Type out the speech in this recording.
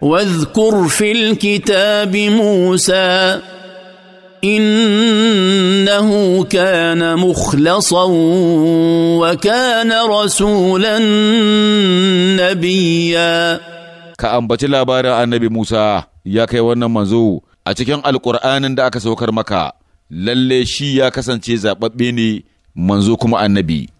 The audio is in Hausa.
واذكر في الكتاب موسى انه كان مخلصا وكان rasulan nabiyya' ka ambaci labarin annabi Musa ya kai wannan manzo a cikin alkur'anin da aka saukar maka lalle shi ya kasance zaɓaɓɓe ne manzo kuma annabi